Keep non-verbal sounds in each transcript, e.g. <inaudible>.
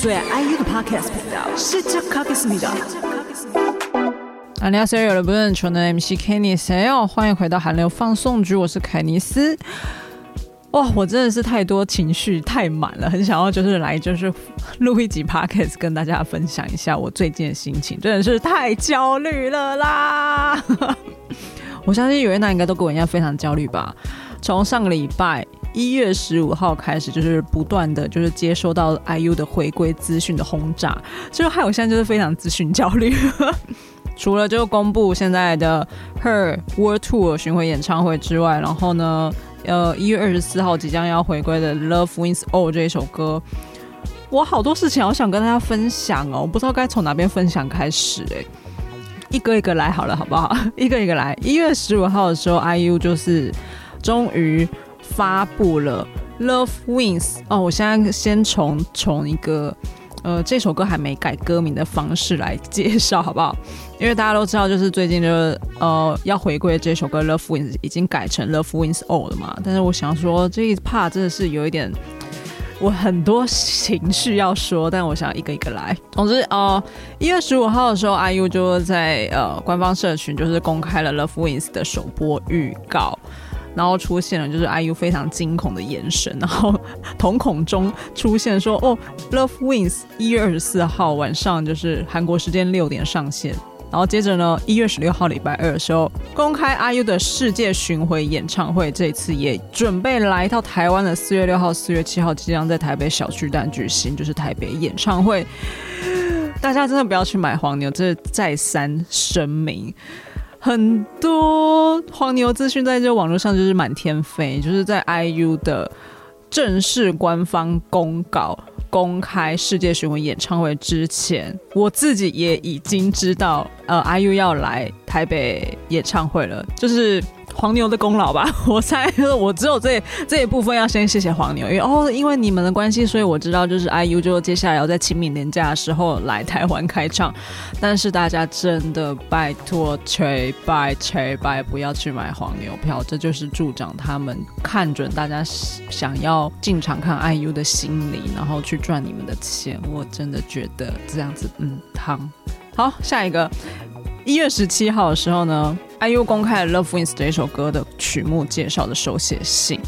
最愛 IU 的 Podcast 頻道，시작하겠습니다。안녕하세요여러분.저는 MC 케니스요.歡迎回到韓流放送局，我是凱尼斯。哇，我真的是太多情緒太滿了，很想要就是來就是錄一集 Podcast 跟大家分享一下我最近的心情，真的是太焦慮了啦！我相信有愛娜應該都跟我一樣非常焦慮吧？從上個禮拜。一月十五號開始，就是不斷的，就是接收到 IU 的回歸資訊的轟炸，其實還有我現在就是非常資訊焦慮呵呵。除了就公布現在的 Her World Tour 巡迴演唱會之外，然後呢，呃，一月二十四號即將要回歸的《Love Wins All》這一首歌，我好多事情我想跟大家分享哦，我不知道該從哪邊分享開始，誒一個一個來好了，好不好？一個一個來。一月十五號的時候，IU 就是終於。發布了 Love Wins。哦，我現在先從從一個呃這首歌還沒改歌名的方式來介紹，好不好？因為大家都知道，就是最近的、就是、呃要回歸這首歌 Love Wins 已經改成 Love Wins All 嘛。但是我想說，這一 part 真的是有一點我很多情緒要說，但我想一個一個來。總之，哦、呃，一月十五號的時候，IU 就在呃官方社群就是公開了 Love Wins 的首播預告。然後出現了，就是 IU 非常驚恐的眼神，然後瞳孔中出現說：“哦，Love Wins。”一月二十四號晚上就是韓國時間六點上線。然後接着呢，一月十六號禮拜二的時候公開 IU 的世界巡回演唱會，這一次也準備來到台灣的四月六號、四月七號，即將在台北小巨蛋舉行，就是台北演唱會。大家真的不要去買黃牛，這、就是、再三聲明。很多黃牛資訊在這網絡上就是滿天飛，就是在 IU 的正式官方公告公開世界巡迴演唱會之前，我自己也已經知道，呃，IU 要來台北演唱會了，就是。黃牛的功勞吧，我猜我只有這這一部分要先謝謝黃牛，因為哦，因為你們的關係，所以我知道就是 IU 就接下來要在清明連假的時候來台灣開唱，但是大家真的拜托，切拜切拜，拜，不要去買黃牛票，這就是助長他們看準大家想要進場看 IU 的心理，然後去賺你們的錢。我真的覺得這樣子，嗯，湯好，下一個一月十七號的時候呢。IU 公開了《Love Wins》這一首歌的曲目介紹的手寫信，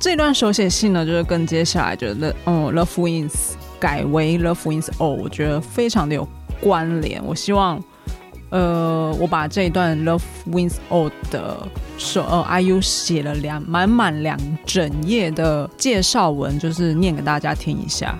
這段手寫信呢，就是跟接下來就、嗯《Love》《Love Wins》改為《Love Wins All》我覺得非常的有關聯。我希望，呃，我把這一段《Love Wins All》的首，呃，IU 寫了兩滿滿兩整頁的介紹文，就是念給大家聽一下。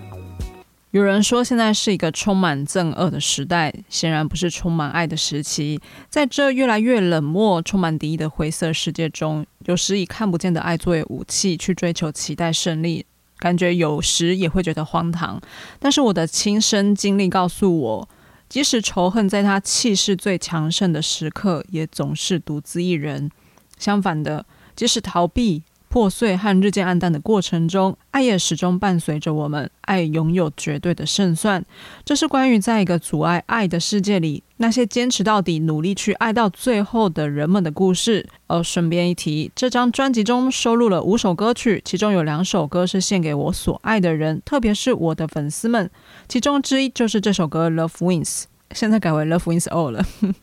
有人說，現在是一個充滿憎惡的時代，顯然不是充滿愛的時期。在這越來越冷漠、充滿敵意的灰色世界中，有時以看不見的愛作為武器去追求、期待勝利，感覺有時也會覺得荒唐。但是我的親身經歷告訴我，即使仇恨在他氣勢最強盛的時刻，也總是獨自一人。相反的，即使逃避，破碎和日漸暗淡的過程中，愛也始終伴隨着我們。愛擁有絕對的勝算，這是關於在一個阻礙愛的世界裡，那些堅持到底、努力去愛到最後的人們的故事。呃、哦，順便一提，這張專輯中收錄了五首歌曲，其中有兩首歌是獻給我所愛的人，特別是我的粉絲們。其中之一就是這首歌《Love Wins》，現在改為《Love Wins All》了。 <laughs>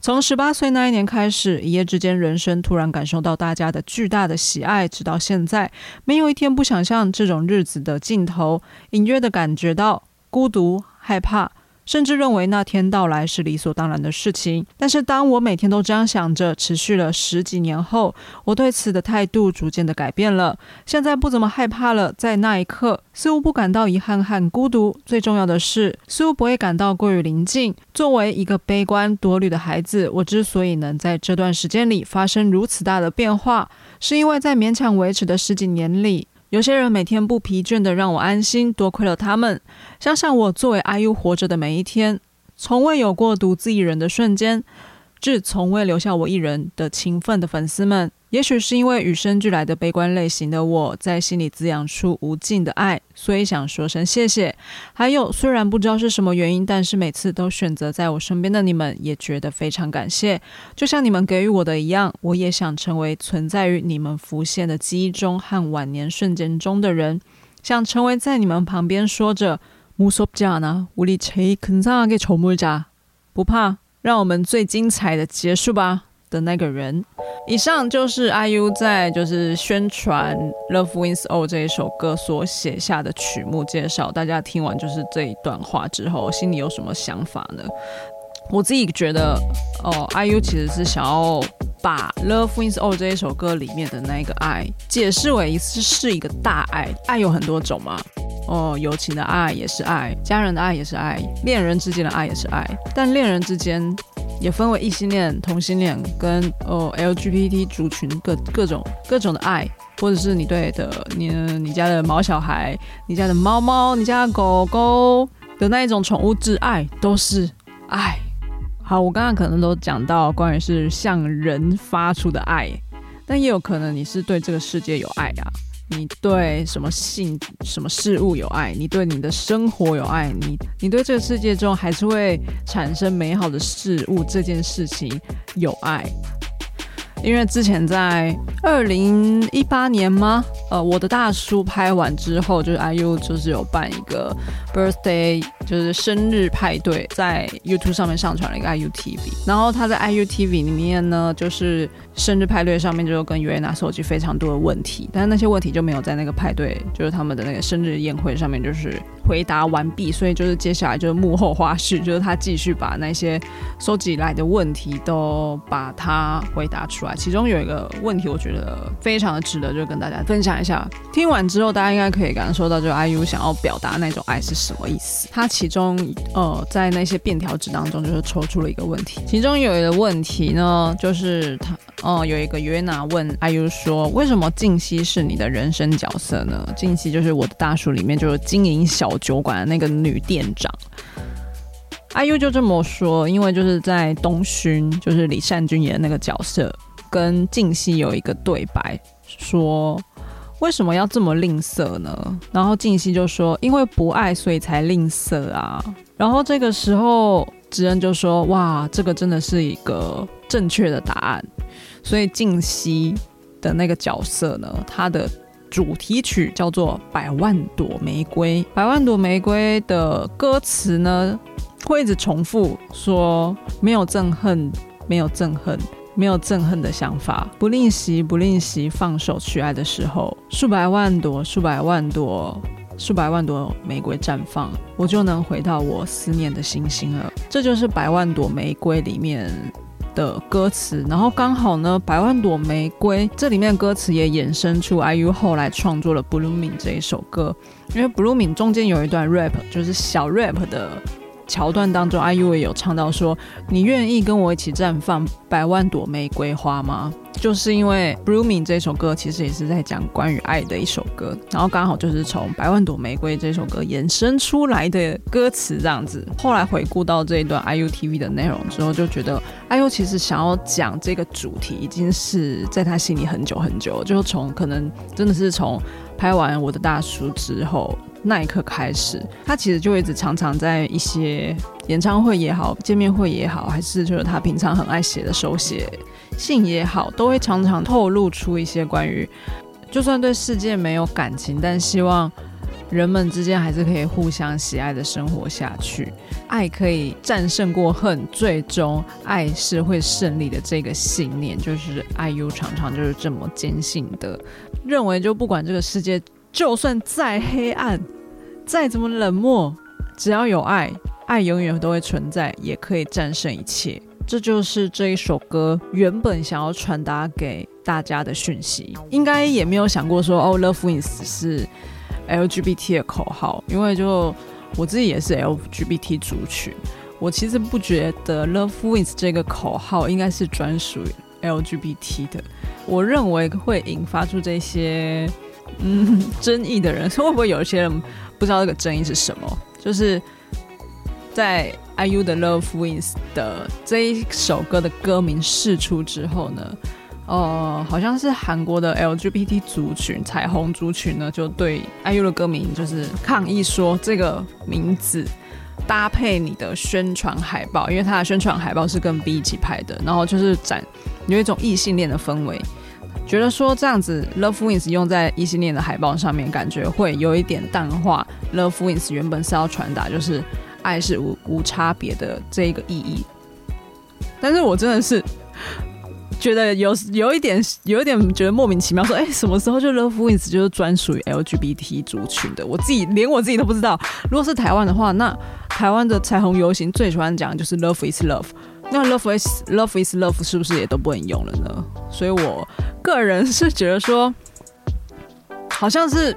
從十八歲那一年開始，一夜之間，人生突然感受到大家的巨大的喜愛，直到現在，沒有一天不想像這種日子的盡頭，隱約的感覺到孤獨、害怕。甚至認為那天到來是理所當然的事情。但是，當我每天都這樣想着，持續了十幾年後，我對此的態度逐漸的改變了。現在不怎麼害怕了，在那一刻，似乎不感到遺憾和孤獨。最重要的是，似乎不會感到過於臨近。作為一個悲觀多慮的孩子，我之所以能在這段時間裡發生如此大的變化，是因為在勉強維持的十幾年裡。有些人每天不疲倦，的讓我安心，多虧了他們。想想我作為 IU 活着的每一天，從未有過獨自一人的瞬間，致從未留下我一人的勤奮的粉絲們。也許是因為與生俱來的悲觀類型的我在心裡滋養出無盡的愛，所以想說聲謝謝。還有，雖然不知道是什麼原因，但是每次都選擇在我身邊的你們也覺得非常感謝，就像你們給予我的一樣，我也想成為存在於你們浮現的記憶中和晚年瞬間中的人，想成為在你們旁邊說着 “musopjana uliche kenza ke chomujja”，不怕，讓我們最精彩的結束吧。的那個人，以上就是 IU 在就是宣傳《Love Wins All》這一首歌所寫下的曲目介紹。大家聽完就是這一段話之後，心裡有什麼想法呢？我自己覺得，哦，IU 其實是想要把《Love Wins All》這一首歌裡面的那個愛，解釋為一次是一個大愛。愛有很多種嘛，哦，友情的愛也是愛，家人的愛也是愛，戀人之間的愛也是愛，但戀人之間。也分為異性戀、同性戀跟哦 LGBT 族群各各種各種的愛，或者是你對的你你家的毛小孩、你家的貓貓、你家的狗狗的那一種寵物摯愛都是愛。好，我剛剛可能都講到關於是向人發出的愛，但也有可能你是對這個世界有愛呀。你對什麼性、什麼事物有愛？你對你的生活有愛？你你對這個世界中還是會產生美好的事物這件事情有愛？因為之前在二零一八年嗎？呃，我的大叔拍完之後，就是 IU 就是有辦一個。birthday 就是生日派對，在 YouTube 上面上傳了一個 IUTV，然後他在 IUTV 裡面呢，就是生日派對上面就跟 UAENA 收集非常多的問題，但是那些問題就沒有在那個派對，就是他們的那個生日宴會上面就是回答完畢，所以就是接下來就是幕後花絮，就是他繼續把那些收集來的問題都把它回答出來。其中有一個問題，我覺得非常的值得就跟大家分享一下。聽完之後，大家應該可以感受到，就 IU 想要表達那種愛是什。什麼意思？他其中，呃，在那些便條紙當中，就是抽出了一個問題。其中有一個問題呢，就是他，哦、呃，有一個約娜問阿 U 說：“為什麼靜溪是你的人生角色呢？”靜溪就是我的大叔裡面就是經營小酒館的那個女店長。阿 U 就這麼說，因為就是在東勳，就是李善均演的那個角色，跟靜溪有一個對白，說。為什麼要這麼吝嗇呢？然後靜熙就說：“因為不愛，所以才吝嗇啊。”然後這個時候知恩就說：“哇，這個真的是一個正確的答案。”所以靜熙的那個角色呢，他的主題曲叫做《百萬朵玫瑰》。《百萬朵玫瑰》的歌詞呢，會一直重複說：“沒有憎恨，沒有憎恨。”沒有憎恨的想法，不吝惜，不吝惜，放手去愛的時候，數百萬朵，數百萬朵，數百萬朵玫瑰綻放，我就能回到我思念的星星了。這就是百萬朵玫瑰裡面的歌詞。然後剛好呢，百萬朵玫瑰這裡面的歌詞也衍生出 IU 後來創作了《Blooming》這一首歌，因為《Blooming》中間有一段 rap，就是小 rap 的。橋段當中，IU 也有唱到說：“你願意跟我一起綻放百萬朵玫瑰花嗎？”就是因為《Blooming》這首歌其實也是在講關於愛的一首歌，然後剛好就是從《百萬朵玫瑰》這首歌延伸出來的歌詞這樣子。後來回顧到這一段 IU TV 的內容之後，就覺得 <music> IU 其實想要講這個主題，已經是在他心裡很久很久，就從可能真的是從。拍完我的大叔之後，那一刻開始，他其實就會一直常常在一些演唱會也好，見面會也好，還是就是他平常很愛寫的手寫信也好，都會常常透露出一些關於，就算對世界沒有感情，但希望。人們之間還是可以互相喜愛的生活下去，愛可以戰勝過恨，最終愛是會勝利的。這個信念就是 IU 常常就是這麼堅信的，認為就不管這個世界就算再黑暗，再怎麼冷漠，只要有愛，愛永遠都會存在，也可以戰勝一切。這就是這一首歌原本想要傳達給大家的訊息，應該也沒有想過說哦，oh，Love Wins 是 LGBT 的口號，因為就我自己也是 LGBT 族群，我其實不覺得 “Love Wins” 這個口號應該是專屬於 LGBT 的。我認為會引發出這些嗯爭議的人，會不會有一些人不知道這個爭議是什麼？就是在 IU 的 “Love Wins” 的這一首歌的歌名釋出之後呢，哦、呃，好像是韓國的 LGBT 族群，彩虹族群呢，就對 IU 的歌名就是抗議，說這個名字搭配你的宣傳海報，因為他的宣傳海報是跟 B 一起拍的，然後就是展有一種異性戀的氛圍，覺得說這樣子 Love Wins 用在異性戀的海報上面，感覺會有一點淡化 Love Wins 原本是要傳達就是愛是無無差別的這一個意義，但是我真的是。覺得有有一點有一點覺得莫名其妙說，說、欸、哎，什麼時候就 Love Wins 就是專屬於 LGBT 族群的？我自己連我自己都不知道。如果是台灣的話，那台灣的彩虹遊行最喜歡講就是 love is love。那 love is love is love 是不是也都不能用了呢？所以我個人是覺得說，好像是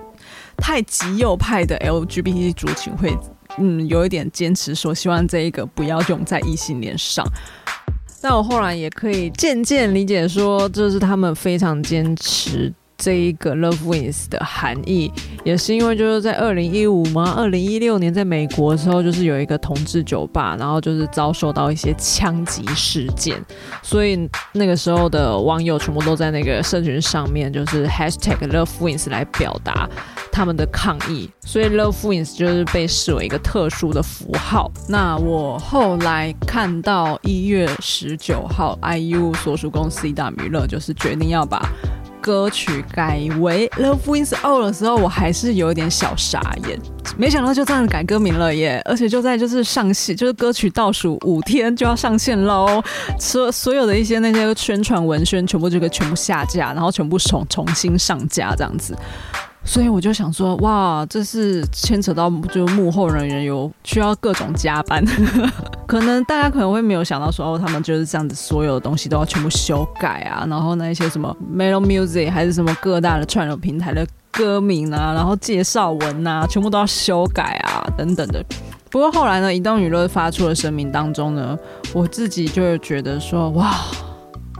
太極右派的 LGBT 族群會，嗯，有一點堅持說，希望這一個不要用在異性戀上。那我後來也可以漸漸理解，說這是他們非常堅持。這一個 Love Wins 的含義，也是因為就是在二零一五嘛，二零一六年在美國的時候，就是有一個同志酒吧，然後就是遭受到一些槍擊事件，所以那個時候的網友全部都在那個社群上面，就是 Hashtag Love Wins 來表達他們的抗議，所以 Love Wins 就是被視為一個特殊的符號。那我後來看到一月十九號，IU 所屬公司 EDAM 娛樂就是決定要把。歌曲改為《Love Wins All》的時候，我還是有點小傻眼，沒想到就這樣改歌名了耶！而且就在就是上線，就是歌曲倒數五天就要上線嘍，所所有的一些那些宣傳文宣全部就可以全部下架，然後全部重重新上架這樣子。所以我就想說，哇，這是牽扯到就是幕後人員有需要各種加班呵呵，可能大家可能會沒有想到說，哦、他們就是這樣子，所有的東西都要全部修改啊，然後那一些什麼 metal music 還是什麼各大的串流平台的歌名啊，然後介紹文啊，全部都要修改啊，等等的。不過後來呢，移動娛樂發出了聲明當中呢，我自己就覺得說，哇，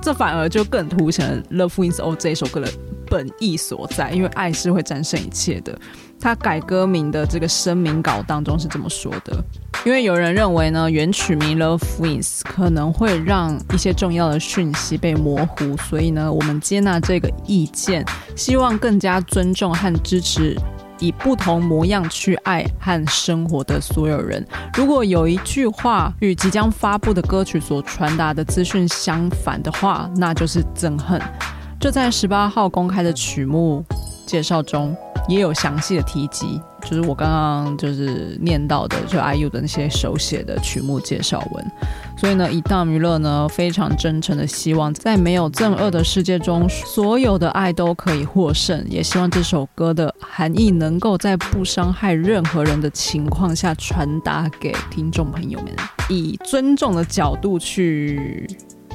這反而就更凸顯《Love Wins All》這一首歌的。本意所在，因為愛是會戰勝一切的。他改歌名的這個聲明稿當中是這麼說的：因為有人認為呢，原曲名《Love Wins》可能會讓一些重要的訊息被模糊，所以呢，我們接納這個意見，希望更加尊重和支持以不同模樣去愛和生活的所有人。如果有一句話與即將發布的歌曲所傳達的資訊相反的話，那就是憎恨。就在十八號公開的曲目介紹中，也有詳細的提及，就是我剛剛就是念到的，就 IU 的那些手寫的曲目介紹文。所以呢，以當娛樂呢非常真誠地希望，在沒有憎惡的世界中，所有的愛都可以獲勝。也希望這首歌的含義能夠在不傷害任何人的情況下傳達給聽眾朋友們，以尊重的角度去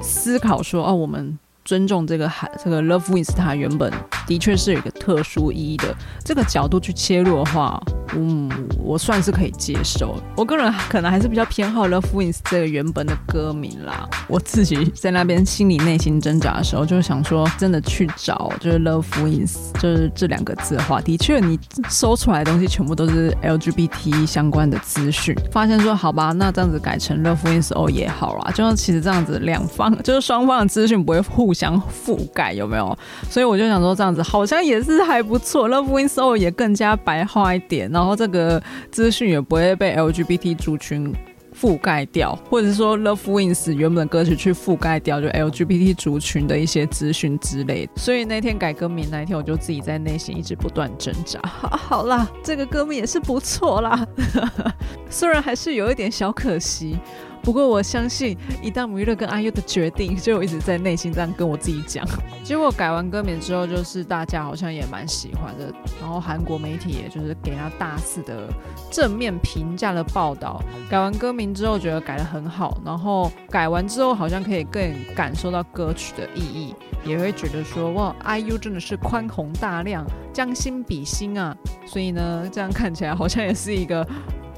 思考說，哦，我們。尊重這個海，這個 Love Wins，它原本的確是有一個特殊意義的。這個角度去切入的話，嗯，我算是可以接受。我個人可能還是比較偏好 Love Wins 這個原本的歌名啦。我自己在那邊心裡內心掙扎的時候，就是想說，真的去找就是 Love Wins，就是這兩個字的話，的確你搜出來的東西全部都是 LGBT 相關的資訊。發現說，好吧，那這樣子改成 Love Wins All、哦、也好啦，就像其實這樣子兩方，就是雙方的資訊不會互。想覆蓋有沒有？所以我就想說，這樣子好像也是還不錯。Love Wins All 也更加白話一點，然後這個資訊也不會被 LGBT 族群覆蓋掉，或者說 Love Wins 原本的歌曲去覆蓋掉，就 LGBT 族群的一些資訊之類的。所以那天改歌名那一天，我就自己在內心一直不斷掙扎好。好啦，這個歌名也是不錯啦， <laughs> 雖然還是有一點小可惜。不過我相信，一旦娛樂跟 IU 的決定，就一直在內心這樣跟我自己講。結果改完歌名之後，就是大家好像也蠻喜歡的，然後韓國媒體也就是給他大肆的正面評價的報道。改完歌名之後，覺得改得很好，然後改完之後好像可以更感受到歌曲的意義，也會覺得說哇，IU 真的是寬宏大量，將心比心啊。所以呢，這樣看起來好像也是一個。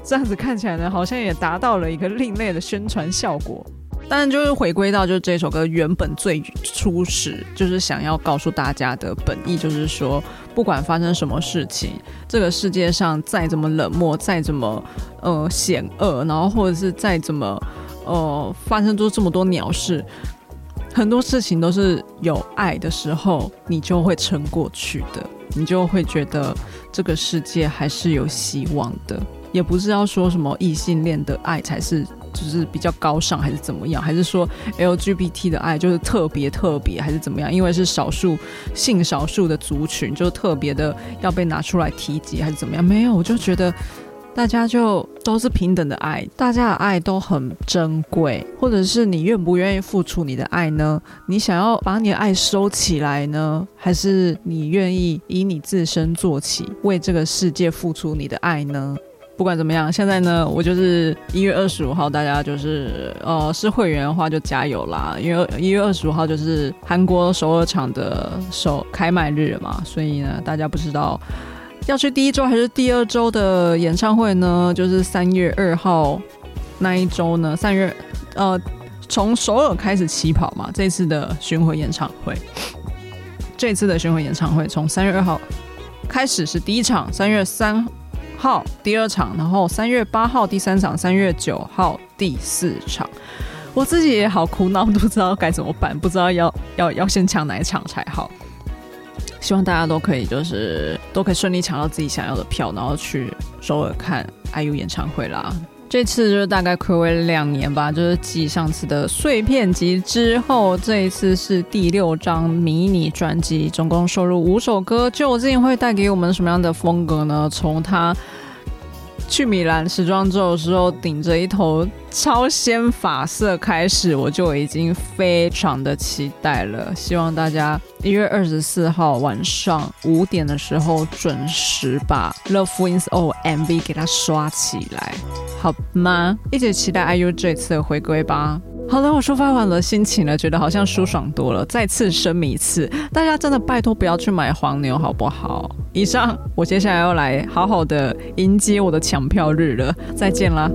這樣子看起來呢，好像也達到了一個另類的宣傳效果。但就是回歸到，就這首歌原本最初始就是想要告訴大家的本意，就是說，不管發生什麼事情，這個世界上再怎麼冷漠，再怎麼呃險惡，然後或者是再怎麼呃發生出這麼多鳥事。很多事情都是有愛的時候，你就會撐過去的，你就會覺得這個世界還是有希望的。也不是要說什麼異性戀的愛才是，就是比較高尚，還是怎麼樣？還是說 LGBT 的愛就是特別特別，還是怎麼樣？因為是少數性少數的族群，就特別的要被拿出來提及，還是怎麼樣？沒有，我就覺得。大家就都是平等的愛，大家的愛都很珍貴。或者是你願不願意付出你的愛呢？你想要把你的愛收起來呢？還是你願意以你自身做起，為這個世界付出你的愛呢？不管怎麼樣，現在呢，我就是一月二十五號，大家就是呃，是會員的話就加油啦，因為一月二十五號就是韓國首爾場的首開賣日嘛，所以呢，大家不知道。要去第一週還是第二週的演唱會呢？就是三月二號那一週呢？三月呃，從首爾開始起跑嘛。這次的巡迴演唱會， <laughs> 這次的巡迴演唱會從三月二號開始是第一場，三月三號第二場，然後三月八號第三場，三月九號第四場。我自己也好苦惱，不知道該怎麼辦，不知道要要要先搶哪一場才好。希望大家都可以，就是都可以順利搶到自己想要的票，然後去首爾看 IU 演唱會啦。這次就是大概暌違兩年吧，就是繼上次的碎片集之後，這一次是第六張迷你專輯，總共收錄五首歌。究竟會帶給我們什麼樣的風格呢？從它。去米蘭時裝周的時候，頂着一頭超仙髮色開始，我就已經非常的期待了。希望大家一月二十四號晚上五點的時候準時把《Love Wins All》MV 給它刷起來，好嗎？一起期待 IU 這次的回歸吧。好的，我抒發完了心情了，覺得好像舒爽多了。再次聲明一次，大家真的拜托不要去買黃牛，好不好？以上，我接下來要來好好的迎接我的搶票日了。再見啦。